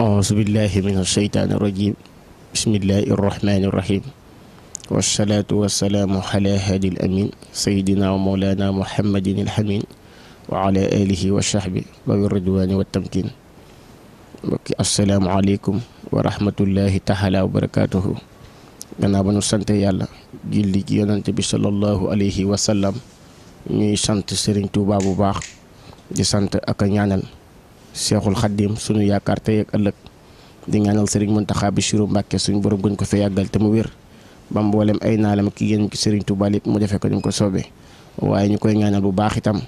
أعوذ بالله من الشيطان الرجيم بسم الله الرحمن الرحيم والصلاة والسلام على هادي الأمين سيدنا ومولانا محمد الحمين وعلى آله وصحبه وبالرضوان والتمكين السلام عليكم ورحمة الله تعالى وبركاته أنا بن سنت يالا جيل julli ci الله عليه وسلم alayhi wa sallam ñuy sant Serigne Touba bu Cheikhul Khadim suñu yaakaar tey ak ëllëg di ñaanal Serigne Mountakha Bassirou Mbacké suñu borom gën ko fee yàggal te mu wér ba mboolem ay naalam ki yéen ki Serigne Touba lépp mu defee ko ko soobee waaye ñu koy ñaanal bu baax itam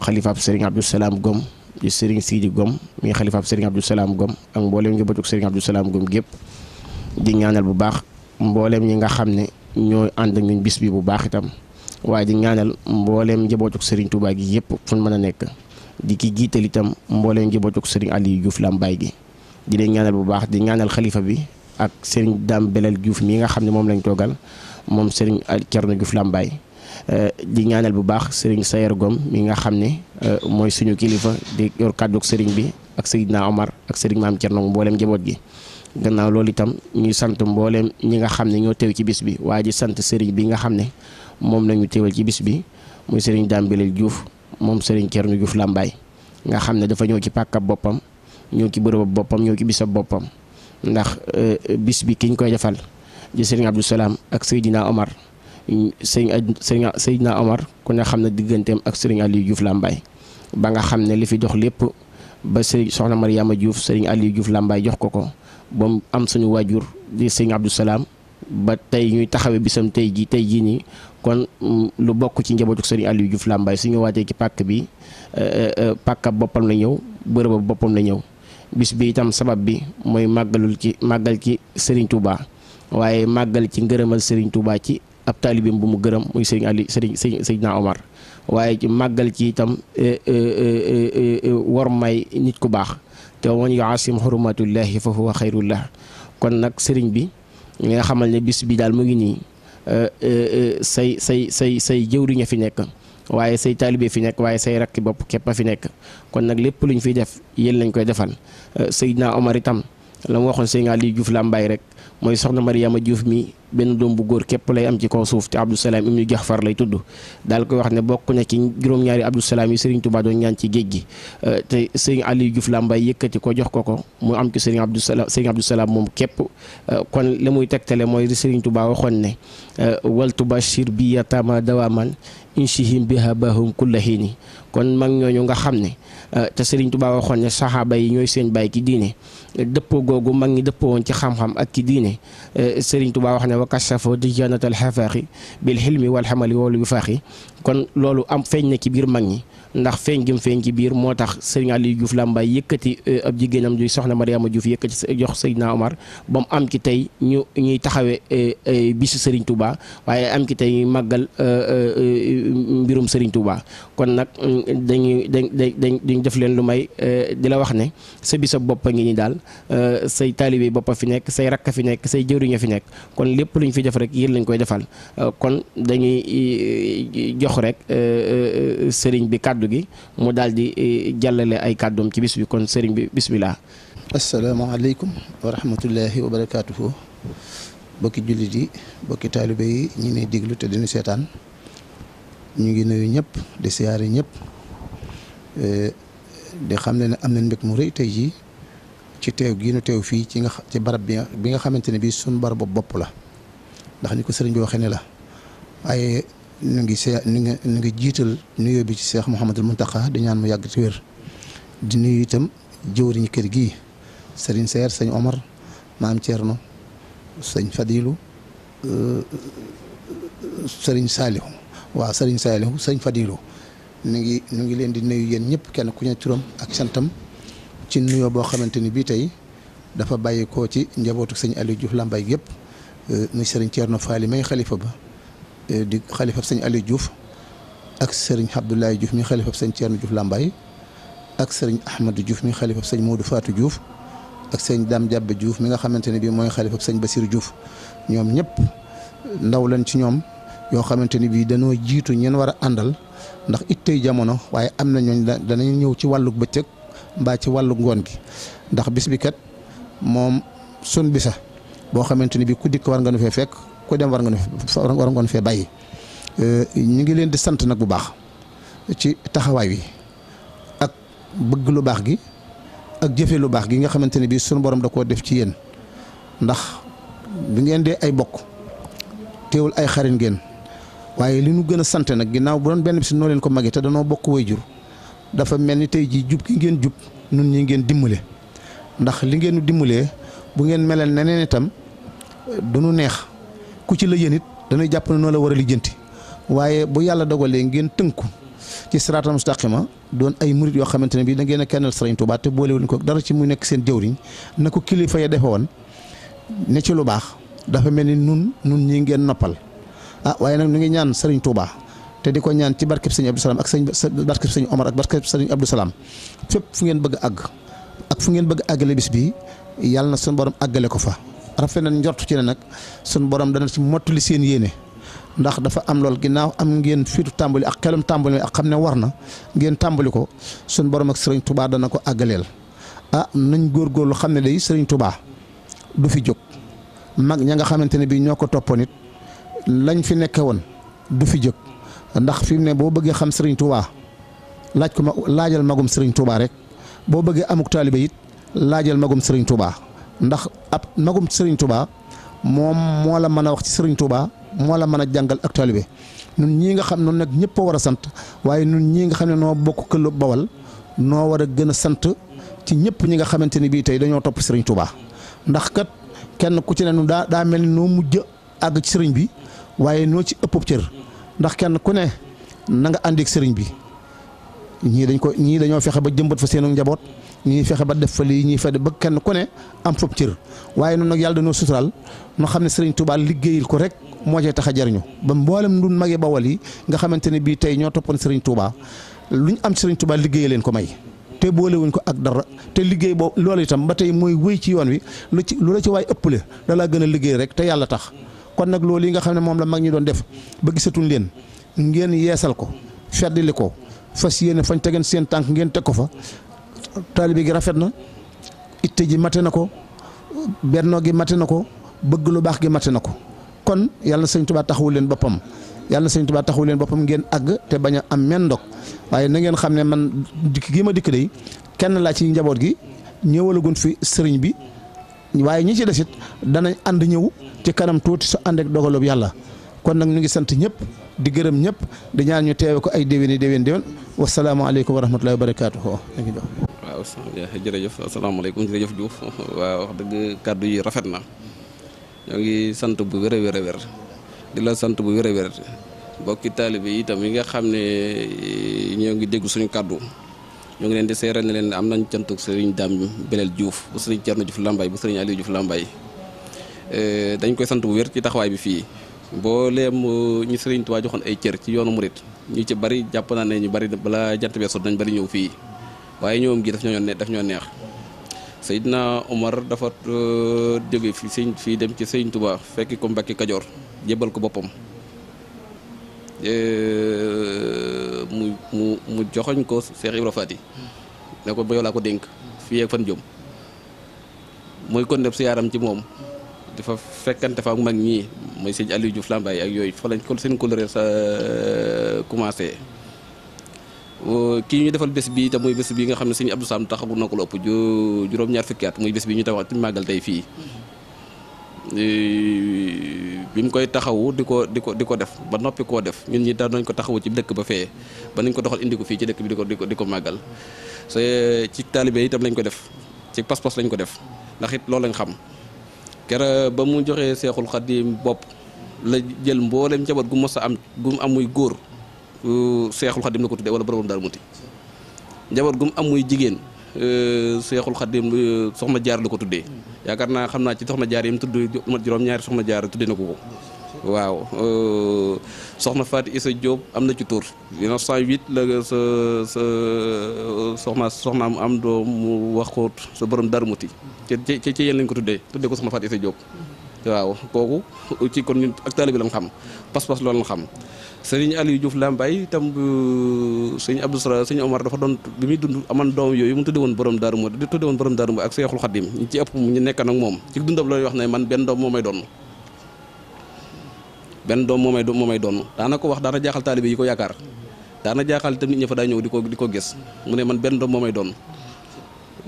xalifaab Serigne Abdou Salam Gom di Serigne Sidi Gom mi xalifaab Serigne Abdou Salam Gom ak mboolem ngi bëccëg Serigne Abdou Salam Gom gépp di ñaanal bu baax mbooleem ñi nga xam ne ñoo ànd ak ñun bis bi bu baax itam waaye di ñaanal mboolem njabootu Serigne Touba gi yëpp fu mën a nekk. di ki jiital itam mbooleem njabootu sëriñ Aliou Diouf Lambaye gi di leen ñaanal bu baax di ñaanal xalifa bi ak sëriñ Dame Belal Diouf nga xam ne moom lañ toogal moom sëriñ Thierno Diouf Lambaye euh, di ñaanal bu baax sëriñ Sayer mi nga xam ne euh, mooy suñu kilifa di yor kàddug sëriñ bi ak Seydina Omar ak sëriñ maam Thierno mbooleem njaboot gi. gannaaw loolu itam ñuy sant mbooleem ñi nga xam ne ñoo tew ci bis bi waaye di sant sëriñ bi nga xam ne moom la ñu teewal ci bis bi muy sëriñ Dame Belal Diouf. moom Serigne nu Diouf Lambaye nga xam ne dafa ñëw ci pàkkab boppam ñëw ci bërëb boppam ñëw ci bisab boppam ndax euh, bis bi ki koy defal di Serigne Abdou Salam ak Seydina Omar Serigne Serigne Seydina Omar ku ne xam ne digganteem ak Serigne Aliou Diouf Lambaye ba nga xam ne li fi dox lépp ba Serigne soxna Mariama Diouf Serigne Aliou Diouf Lambaye jox ko ko ba am suñu waajur di Serigne Abdou ba tey ñuy taxawee bisam tey jii tey jii nii kon mm, lu bokk ci njabootu sëriñ Aliou Diouf Lambaye suñu waatee ci pàkk bi eh, eh, eh, pàkkab boppam la ñëw bërëba boppam la ñëw bis bi itam sabab bi mooy màggalul ci màggal ci sëriñ Touba waaye màggal ci ngërëmal sëriñ Touba ci ab taalibeem bu mu gërëm muy sëriñ Aliou sëriñ Seydina Omar waaye ci màggal ci itam war may nit ku baax te wañ yuasim xurumatullahi fa huwa xayrullah kon nag sëriñ bi ñu nga xamal ne bis bi daal mu ngi nii Euh, euh, euh, say say say say jëwriñ a fi nekk waaye say taalibe fi nekk waaye say rakki bopp képp a fi nekk kon nag lépp lu ñu fiy def yéen lañ koy defal Seydina Omar itam la mu waxoon Seydina Aliou Diouf Lambaye rek. mooy soxna Mariama Diouf mi benn doom bu góor képp lay am ci kaw suuf te Abdou Salaam ibnu Jaxfar lay tudd daal koy wax ne bokk na ci juróom-ñaari Abdou Salaam yi Serigne Touba doon ñaan ci géej gi euh, te Serigne Aliou Diouf Lambaye yëkkati ko jox ko ko mu am ci Serigne Abdou Salaam Serigne Abdou Salaam moom képp euh, kon li muy tegtale mooy Serigne tubaa waxoon ne euh, waltu bashir bi yatama dawaman inchihim biha bahum kullahiini kon mag ñooñu nga xam ne Euh, te Serigne Touba waxoon ne saxaaba yi ñooy seen baay ki diine dëppoo googu mag ñi dëppoo woon ci xam-xam ak ci diine euh, Serigne Touba wax ne wa kasafa di janatal xafaaxi bil xilmi wal xamali wal wifaaxi kon loolu am feeñ na ci biir mag ñi ndax feeñ gi mu feeñ ci biir moo tax sëriñ Aliou Diouf Lambaye yëkkati euh, ab jigéenam di soxna Mariama Diouf yëkkati jox Seydina Omar ba mu am ci tey ñu ñuy taxawee euh, euh, bisu sëriñ Touba waaye am ci tey ñuy màggal mbirum sëriñ Touba kon nag mm, dañuy dañ dañ dañ def leen lu may di la wax ne sa bisa bopp a ngi ni daal say taalibe bopp fi nekk say rakk fi nekk say jëwriñ fi nekk kon lépp lu ñu fi def rek yéen lañ koy defal kon dañuy rek sëriñ bi kàddu kàddu gi mu daal di eh, jàllale ay kàddoom ci bis bi kon sëriñ bi bisimilah. asalaamaaleykum wa rahmatullahi wa barakaatuhu bokki jullit yi bokki taalibe yi ñi ne diglu te dinu seetaan ñu ngi nuyu ñëpp di siyaare ñëpp eh, di xam ne ne am na mbég mu rëy tey jii ci teew gii nu teew fii ci nga ci barab bi bi nga xamante ne bii suñu barabu bopp la ndax ni ko sëriñ bi waxee ne la waaye ñu ngi see ñu ngi ñu ngi jiital nuyoo bi ci Cheikh Mouhamadul Mountakha di ñaan mu yàgg ci wér di nuyu itam jëwriñu kër gi sëriñ Seer sëñ Omar maam Thierno sëñ Fadilu euh, sëriñ Saalihu waaw sëriñ Saalihu sëñ Fadilu ñu ngi ñu ngi leen di nuyu yéen ñëpp kenn ku ne turam ak santam ci nuyo boo xamante ni bii tey dafa bàyyi koo ci njabootu sëñ Aliou Diouf Lambaye yëpp euh, muy sëriñ Thierno Faali may xalifa ba. di xalifab sëñ Aliou juuf ak sëriñ Abdoulaye Diouf mi xalifab sëñ Thierno Diouf Lambaye ak sëriñ Ahmadou Diouf mi xalifab sëñ Modou Fatou Diouf ak sëñ Dame Diabba Diouf mi nga xamante ne bii mooy xalifab sëñ Basir Diouf ñoom ñëpp ndaw lañ ci ñoom yoo xamante ni bii dañoo jiitu ñeen war a àndal ndax it tey jamono waaye am na ñooñ danañ ñëw ci wàllug bëccëg mbaa ci wàllu ngoon gi ndax bis bi kat moom sun bi sax boo xamante ni bii ku dikk war nga nu fee fekk. ku dem war nga war ngoon fee bàyyi euh, ñu ngi leen di sant nag bu baax ci taxawaay wi ak bëgg lu baax gi ak jëfe lu baax gi nga xamante ne bii sunu borom da koo def ci yéen ndax bi ngeen dee ay bokk teewul ay xarit ngeen waaye li nu gën a sant nag ginnaaw bu doon benn si noo leen ko màggee te danoo bokk way jur dafa mel ni tey jii jub ki ngeen jub nun ñi ngeen dimbale ndax li ngeen dimbalee bu ngeen melal neneen itam du nu neex. ku ci la yéen it danay jàpp ne noo la war a lijjanti waaye bu yàlla dogalee ngeen tënku ci siraatal ma doon ay murit yoo xamante ne bii da ngeen a kennal Sëriñ Tuubaa te boolewuñ ko dara ci mu nekk seen jëwriñ na ko kilifa ya defe woon ne ci lu baax dafa mel ni nun nun ñi ngeen noppal ah waaye nag ñu ngi ñaan Sëriñ Tuubaa te di ko ñaan ci barkeb sëñ Abdou ak sëñ barkeb sëñ Omar ak barkeb sëñ Abdou Salaam fépp fu ngeen bëgg àgg ak fu ngeen bëgg àggale bis bi yàlla na suñu borom àggale ko fa rafet na njort ci ne nag suñ borom dana ci mottali seen yéene ndax dafa am lool ginnaaw am ngeen fiitu tàmbali ak xelum tàmbali ak xam ne war na ngeen tàmbali ko suñ borom ak sëriñ tubaa dana ko àggaleel ah nañ góor góorgóorlu xam ne day sëriñ tubaa du fi jóg mag ña nga xamante ne bii ñoo ko toppoon it lañ fi nekkee woon du fi jóg ndax fi mu ne boo bëggee xam sëriñ tubaa laaj ko ma laajal magum sëriñ tubaa rek boo bëggee amuk taalibe it laajal magum sëriñ tubaa ndax ab magum Serigne Touba moom moo la mën a wax ci Serigne Touba moo la mën a jàngal ak bi ñun ñii nga xam noon nag ñëpp a war a sant waaye nun ñii nga xam ne noo bokk këlub bawal noo war a gën a sant ci ñëpp ñi nga xamante ni bii tey dañoo topp Serigne Touba ndax kat kenn ku ci ne nu daa daa mel ni noo mujj àgg ci Serigne bi waaye noo ci ëpp cër ndax kenn ku ne na nga àndeek Serigne bi. ñii dañ ko ñii dañoo fexe ba jëmbat fa seenu njaboot ñii fexe ba def fa lii ñii fexe ba kenn ku ne am fab cër waaye noonu nag yàlla dañoo sutural nu xam ne seriñ Touba liggéeyil ko rek moo cay tax a jariñu ba mboolem dun magee bawal yi nga xamante ne bii tey ñoo toppoon Serigne Touba luñ am Serigne Touba liggéey leen ko may te boolewuñ ko ak dara te liggéey boobu loolu itam ba tey mooy wéy ci yoon wi lu ci lu la ci waay ëpp le dalaa gën a liggéey rek te yàlla tax kon nag loolu yi nga xam ne moom la mag ñi doon def ba gisatuñ leen ngeen yeesal ko feddali ko fasiyene fañ tegen sen tank ngeen tek ko fa talibi gi rafetna itte ji matenako berno gi matenako beug lu bax gi matenako kon yalla na touba taxawul len bopam yalla seigne na taxawul len bopam ngeen ag te baña am mendok waye na ngeen xamne man dik gi ma dik day kenn la ci njabot gi ñewalugun fi sëriñ bi waye ñi ci desit danañ and ñew ci kanam tuti su ànd ak dogaloob yalla kon nag ñu ngi sant ñëpp di gërëm ñëpp di ñaan ñu teewe ko ay déwéni déwén déwén wasalaamaaleykum wa rahmatullahi wa jërëjëf asalaamaaleykum jërëjëf Diouf waaw wax dëgg kàddu yi rafet na ñoo ngi sant bu wér a wér la sant bu wér a wér bokki taalibe yi itam yi nga xam ne eh, ñoo ngi dégg suñu kàddu ñoo ngi leen di seeral ne leen am nañ cantuk sëriñ Dame Belel Diouf bu sëriñ Thierno Diouf Lambaye bu sëriñ Aliou Diouf Lambaye eh, dañ koy sant bu wer ci taxawaay bi fii mbooleem uh, ñu Sëriñ Tuubaa joxoon ay cër ci yoonu murit ñu ci bari jàpp naa ne ñu bari balaa jant bee sot nañ bari ñëw fii waaye ñoom gi daf ñoo ne daf ñoo neex Seydina Omar dafa uh, jóge fi sëñ fii dem ci Sëriñ Tuubaa fekki ko Mbàkke Kajoor jébbal ko boppam uh, mu mu mu joxoñ ko Cheikh Ibra Faty ne ko ba yow ko dénk fii ak fan jëm muy kon def si yaaram ci moom dafa fekkante fa ak mag ñi moy seigne Aliou Diouf lambay ak yoy fa lañ ko seen couleur ya sa euh, commencé ki ñu defal bes bi ta moy bes bi nga xam seigne Abdou Sam taxagu nako lopp ju juroom ñaar fukki at muy bi ñu tawat magal tay fi fii koy taxawu diko diko diko def ba nopi ko def ñun ñi da nañ ko taxawu ci dekk ba fe ba nañ ko doxal indi ko fi ci dekk bi diko diko di ko di ci talibé itam lañ ko def ci pass pass lañ ko def ndax it loolu lañ xam kera ba mu joxee seexul xadim bopp la jël mboolem njaboot gu mos a am gu mu am muy góor seexul xadim la ko tuddee wala borom Daaru Muti njaboot gu mu am muy jigéen euh, seexul xadim euh, soxna jaar la ko tuddee yaakaar naa xam naa ci soxna jaar yi mu tudd lu mat juróom-ñaari soxna jaar tudde na ko ko waaw euh, soxna Fatou Issa Diop am na ci tur 1908 la sa sa soxna mu am doom mu wax ko sa borom darmuti ci ci ci yéen lañ ko tuddee tuddee ko soxna Fatou Issa Diop waaw kooku ci kon ñun ak taalibe bi lañ xam pas-pas loolu lañ xam sëriñ Aliou Diouf Lambaye itam sëñ Abdou Sra sëñ Omar dafa doon bi muy dund aman doom yooyu mu tudde woon borom daaru mu woon borom daaru ak Seexul Xadim ñi ci ëpp ñu nekk nag moom ci dundam looy wax na man benn doom moo may doon benn dom momay moomay doon don ko wax daana jaxal taalibe yi ko yaakaar daana jaaxal itam nit ñi fa da ñew di ko di ko gis mu ne man dom momay don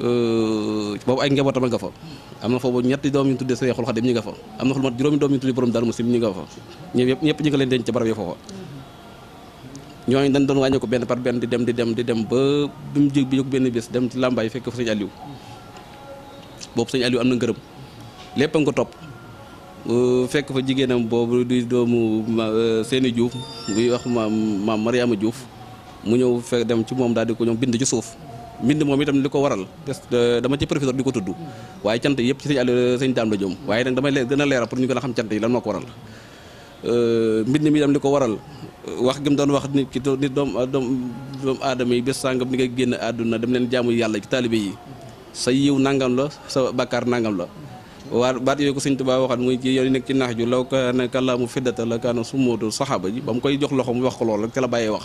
euh bobu ay njabootam nga fa amna fa bo ñetti doom yu tuddee Seexul Xadim ñi nga fa amna na mat juroomi dom yu tuddee borom dal Muslim ñi nga fa ñepp yëpp ñëpp ñi nga leen denc ci barab yi ya foofa ñoy dañ doon wàññi ko par ben di dem di dem di dem ba bi mu bi yu ben bés dem ci lambay fekk fa sëñ Aliou bobu sëñ Aliou amna na ngërëm nga ko topp Euh, fekk fa jigenam bobu di doomu euh, seni Diouf buy wax maam ma Mariama Diouf mu ñew fekk dem ci mom dal di ko ñom bind ci suuf bind mom itam liko ko waral euh, dama ci professeur diko ko waye cyant yep ci seigne àll sëñ daam la jëm waaye nag damay gën a leeral pour ñu gëna xam cyant yi lan moo ko waral bind mi itam liko ko waral wax gi mu doon wax nit ki nit doom doom doomu aadama yi bés sàngam ni nga genn aduna dem len jaamu yalla ci talibi yi sa yiw nangam la sa bakkar nangam la waar baat yooyu ko sëñ Tuubaa waxat muy ci yoon nekk ci nax ju law kaana kalaamu fiddata la kaana sumootu saxaaba ji ba mu koy jox loxo mu wax ko loolu rek ca la bàyyee wax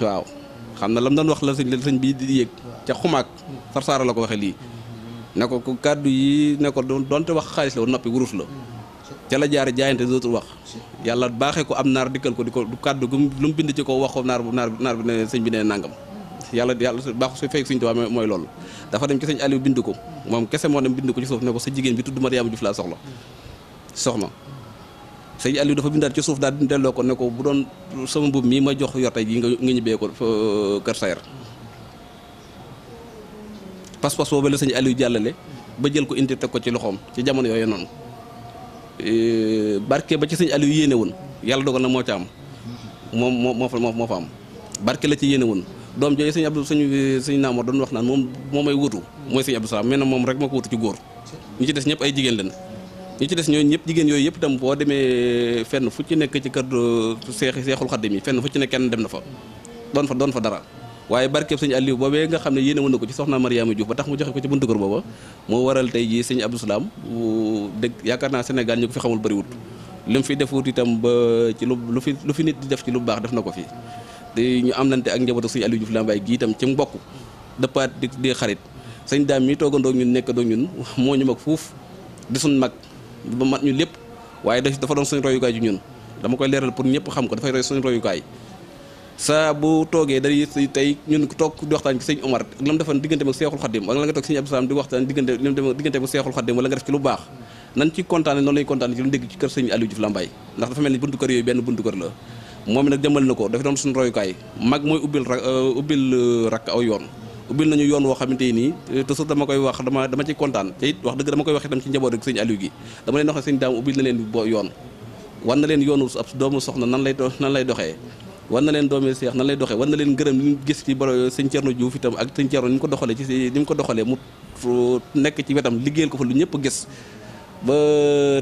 waaw xam na lam doon wax la sëñ la sëñ bi di yëg ca xumaag sarsaara la ko waxe lii ne ko kàddu yi ne ko doonte wax xaalis la woon noppi wurus la ca la jaare jaayante dootul wax yàlla baaxee ko am naar dikkal ko di ko kàddu lu mu bind ci ko wax ko naar bu naar bi ne sëñ bi ne nangam yàlla yàlla su baax su fay suñ Tuubaa mooy loolu dafa dem ci sëñ Aliou bind ko moom kese moo dem bind ko ci suuf ne ko sa jigéen bi tudd Mariama Juuf soxna sëñ Aliou dafa bindaat ci suuf daal delloo ko ne ko bu doon sama mbubb mii ma jox yor tey jii nga nga ñibbee ko euh, Kër Sayer pas-pas boobu la sëñ Aliou jàllale ba jël ko indi teg ko ci loxoom ci jamono yooy noonu euh, barke ba ci sëñ Aliou yéene woon yàlla dogal na moo ca am moom moo moo fa moo fa am barke la ci yéene woon doom jooju sëñ Abdou sëñ sëñ Naamor doon wax naan moom moo may wutu mooy sëñ Abdou Salaam mais nag moom rek ma ko wutu ci góor ñu ci des ñëpp ay jigéen lañ ñu ci des ñooñu ñëpp jigéen yooyu yëpp itam boo demee fenn fu ci nekk ci kër seex seexul xaddim yi fenn fu ci nekk kenn dem na fa doon fa doon fa dara waaye barkeeb sëñ Aliou boobee nga xam ne yéene woon na ko ci soxna Mariama Diouf ba tax mu joxe ko ci buntu kër booba moo waral tey jii sëñ Abdou Salaam dëgg yaakaar naa Sénégal ñu ko fi xamul bëriwut li mu fi defut itam ba ci lu lu fi lu fi nit di def ci lu baax def na ko fii ñu am lante ak njabotu sëñ Aliou Diouf lambay gi tam ci mbokk dëppaat di di xarit sëñ daam mi toogandoo ñun nek do ñun moo ñu mag fuuf di sun mak ba mat ñu lepp waye dafa don doon royu royukaay ju ñun dama koy leral pour ñepp xam ko dafa roy royu royukaay sa bu toge toogee day tay ñun tok di waxtan ci sëñ Omar ak lam defan diggante ak Seexul Xaddim wala nga tok sëñ Abdou Salam di waxtan digënté lim dem digënté ak cheikhul khadim wala nga def ci lu baax nan ci contane non lay contane ci lu dégg ci kër sëñ Aliou Diouf lambay ndax dafa melni buntu kër yoy benn buntu kër la moom nag demal na ko dafa doon suñu royukaay mag mooy ubbil ra euh, ubbil euh, rakk aw yoon ubbil nañu yoon woo xamante nii euh, toujours dama koy wax dama dama ci kontaan te it wax dëgg dama koy wax itam ci njaboot rek sëñ Aliou gi dama leen wax sëñ daam na leen bo yoon wan na leen yoonu ab soxna nan lay nan lay doxee wan na leen doomi seex nan lay doxee wan na leen ngërëm li ñu gis ci boro sëñ Thierno Diouf itam ak sëñ Thierno ni mu ko doxalee ci ni mu ko doxalee mu nekk ci wetam liggéeyal ko fa lu ñëpp gis ba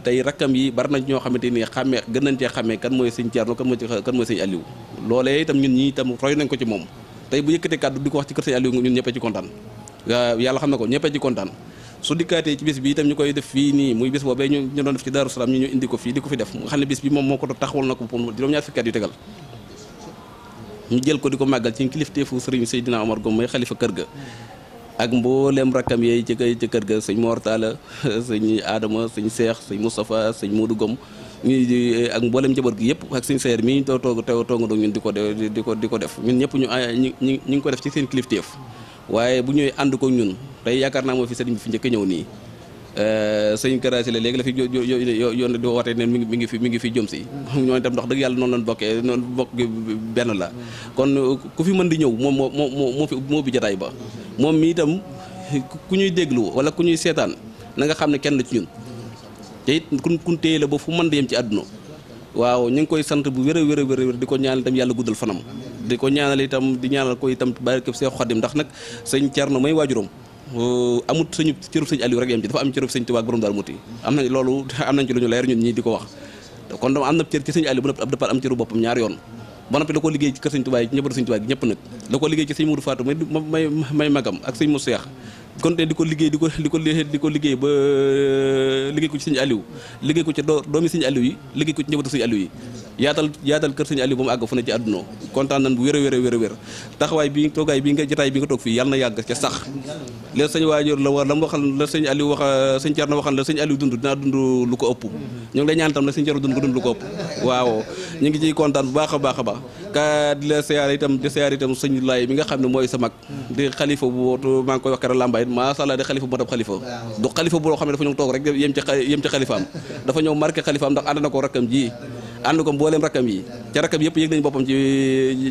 tey rakkam yi bari nañ ñoo xamante ni xàmmee gën nañ cee xàmmee kan mooy sëñ Thierno kan mooy kan mooy sëñ Aliou loolee itam ñun ñi itam roy nañ ko ci moom tey bu yëkkatee kàddu di ko wax ci kër sëñ Aliou ñun ñëppee ci kontaan yàlla xam na ko ñëppee ci kontaan su dikkaatee ci bis bi itam ñu koy def fii nii muy bis boobee ñu ñu doon def ci Daaru ñu ñu indi ko fii di ko fi def nga xam ne bis bi moom moo ko taxawal na ko pour juróom-ñaar fukki at yu tegal ñu jël ko di ko màggal ci kilifteefu ga ak mboolem rakkam yooyu ci kë ci kër ga sëñ Mor Talla aadama Adama sëñ Cheikh sëñ Moustapha sëñ Modou Gom ñuy ak mboolem njaboot gi yëpp ak suñ Seer mii ñu too toog too toog ñun di ko di ko di ko def ñun ñëpp ñu ñu ñu ngi ko def ci seen kilifteef waaye bu ñëwee ànd ko ñun tey yaakaar naa moo fi sëriñ bi fi njëkk ñëw nii. sëñ Kara Sylla léegi la fi yoon di woote ne mi ngi mi ngi fi mi ngi fi jëm si ñoo itam ndax dëgg yàlla noonu lañ bokkee noonu bokk benn la kon ku fi mën di ñëw moom moo moo moo fi moo bi jataay ba moom mi itam ku ñuy déglu wala ku ñuy seetaan nanga xam ne kenn la ci ñun te it kun kun téye la ba fu mën di yem ci àdduna waaw ñu ngi koy sant bu wér a wér a di ko ñaanal itam yàlla guddal fanam di ko ñaanal itam di ñaanal ko itam barke Seex Xaadim ndax nag sëñ Cerno may waajuram Euh, amut suñu cërub sëñ Aliou rek yem ci dafa am cërub sëñ Tuubaa borom daal muti am nañ loolu am nañ ci lu ñu leer ñun ñii di ko wax kon dama am na cër ci sëñ Aliou bu ab cëru boppam ñaari yoon ba noppi la ko liggéey ci kër sëñ Tuubaa yi ñëpp sëñ Tuubaa gi ñëpp nag la ko liggéey ci sëñ Mourou Fatou may may di ko liggéey di ko di ko ko liggéey ba euh, liggéey ko ci sëñ Aliou liggéey ko ci doomi sëñ Aliou yi liggéey ko ci njabootu sëñ Aliou yi yaatal yaatal kër sëñ Aliou ba mu àgg fu ne ci àdduna kontaan nañ bu wér a wér a wér a wér taxawaay bi toogaay bi nga jotaay bi nga toog fii yàlla na yàgg ca sax leen sëñ waajur la war la mu waxal la sëñ Aliou wax sëñ Thierno waxal la sëñ Aliou dund dinaa dund lu ko ëpp ñu ngi lay ñaan tam la sëñ Thierno dund ko waaw ñu ngi ciy kontaan bu baax a baax a baax ka di la siyaare itam di siyaare itam sëñ Laay bi nga xam ne mooy sa mag di xalifa bu maa ngi koy wax keroog làmbaay macha allah di xalifa bu matab xalifa du xalifa boo xam ne dafa ñëw toog rek yem ci yem ci xalifaam dafa ñëw marqué xalifaam ndax ànd na ko rakkam jii andu ko mbooleem rakam yi ci rakam yep yegg nañ bopam ci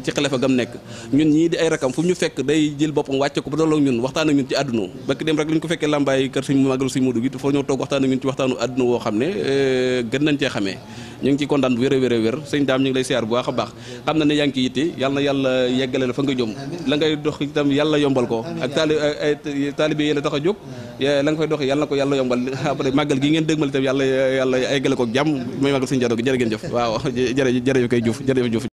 ci xalifa gam nek ñun ñi di ay rakam fu ñu fekk day jël bopam wàcce ko ba dooloo ñun waxtaan ak ñun ci àdduna bakk dem rek luñ ko fekke lambay keur suñu màggalu suñu modou gi fo ñoo tok waxtaan ak ñun ci waxtaanu aduna wo xamne euh gën nañ ci xamé ñu ngi ci kontaan bu wér a wér a wér sëñ daam ñu lay siyaar bu baax a baax xam na ne yaa ngi ci yitte yàlla na yàlla yeggale la fa nga jëm la ngay dox itam yàlla yombal ko ak taali taalibe yi la a jóg la nga fay dox yàlla na ko yàlla yombal gi ngeen dëgmal tam yàlla yàlla yeggale ko jàmm may màggal sëñ Jado gi jërë ngeen jëf waaw jërëjëf kay Diouf jërëjëf Diouf